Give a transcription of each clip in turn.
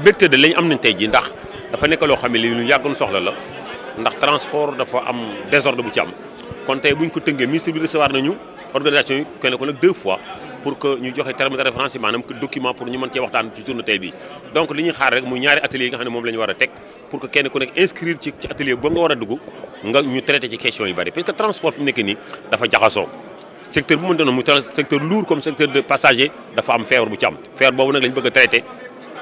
mbégte de lañ am nañ tay ji ndax dafa nekk lo xamé li ñu lu soxla la ndax transport dafa am désordre bu ci am kon tay buñ ko tënkee ministre bi recevoir nañu organisation yi kenn ko nag deux fois pour que ñu joxe terme de référence yi document pour ñu mën ci waxtaan ci tournée tay bi donc li ñuy xaar rek muy ñaari atelier yi nga xamné mom lañu wara tek pour que kenn ku nekk inscrire ci ci atelier ba nga wara a dugg nga ñu traité ci question yu bari parce que transport fi nekk ni dafa jaxasoo secteur bu mën doon muy secteur lourd comme secteur de passager dafa am fièvre bu ci am feebar boobu nag lañ bëgg a traité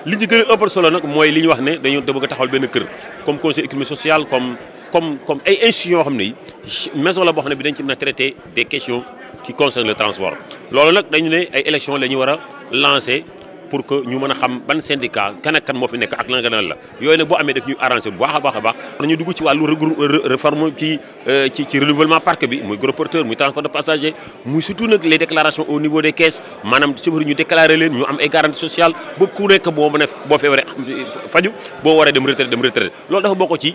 li ñu gëna ëppal solo nak moy li ñu wax ne dañu bëgg a taxawal benn kër comme conseil économique social comme comme comme ay institution yoo xam maison la bo xamné bi dañ ci mëna a traité des questions qui concernent le transport loolu nak dañu ne ay élections la wara lancer pour que ñu mëna xam ban syndicat kan ak kan mo fi nek ak lan nga la yoy nak bo amé daf ñuy arrangé bu baax a baax a dugg ci walu réforme ci euh, ci ci renouvellement parc bi muy gros porteur muy transport de passager muy surtout nak les déclarations au niveau des caisses manam ci chauffeur ñu déclarer leen ñu am ay garantie sociale bu ku nekk bo mën bo boo feebaree faju boo waree dem retraite dem retraite lolu dafa boko ci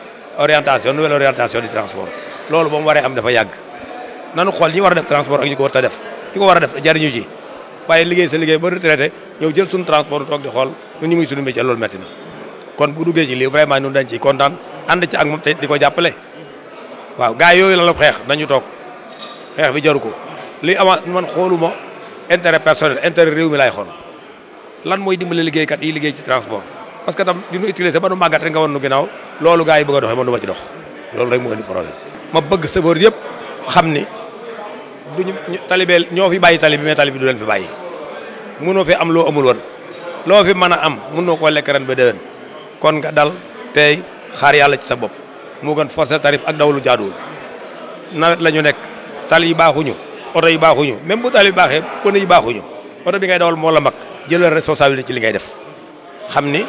orientation nouvelle orientation du transport loolu ba mu waree am dafa yàgg nanu xool ñi war a def transport ak ñi ko war a def ñi ko war a jariñu ji waaye liggéey sa liggéey ba retraité ñëw jël suñu transport toog di xool ñun ñu muy suñu métier loolu métti na kon bu duggee ci lii vraiment ñun dañ ciy kontaan ànd ci ak moom te di ko jàppale waaw gaa yooyu la la xeex nañu toog xeex bi jaru ko li ama man xooluma intérêt personnel intérêt réew mi laay xool lan mooy dimbale liggéeykat yi liggéey ci transport parce que tam di ñu utiliser ba ñu magat rek nga won ñu ginaaw loolu gaay bëgg a doxee man du ci dox loolu rek mo indi problème ma bëgg sëfoor yëpp xamni duñu talibé ño fi bayyi talibé mais du leen fi bayyi mëno fi am lo amul won lo fi mëna am mëno ko ba kon nga dal tay xaar yalla ci sa bop mo gën forcé tarif ak dawlu jaadul nawet la ñu tali yi baaxuñu auto yi baaxuñu même bu tali yi baaxee yi baaxuñu auto bi ngay dawal mo la mak jël responsabilité ci li ngay def xamni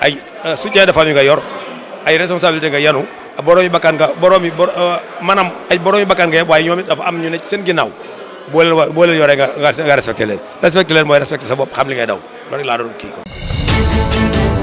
ay euh, soutien de famille nga yor ay responsabilité nga yanu borom yi bakkan nga borom yi euh, maanaam ay borom yi bakkan nga waaye ñoom dafa am ñu ne seen ginnaaw boo leen wa boo leen yoree nga nga respecté leen respecté leen mooy respecté sa bopp xam li ngay daw loolu laa doon kii ko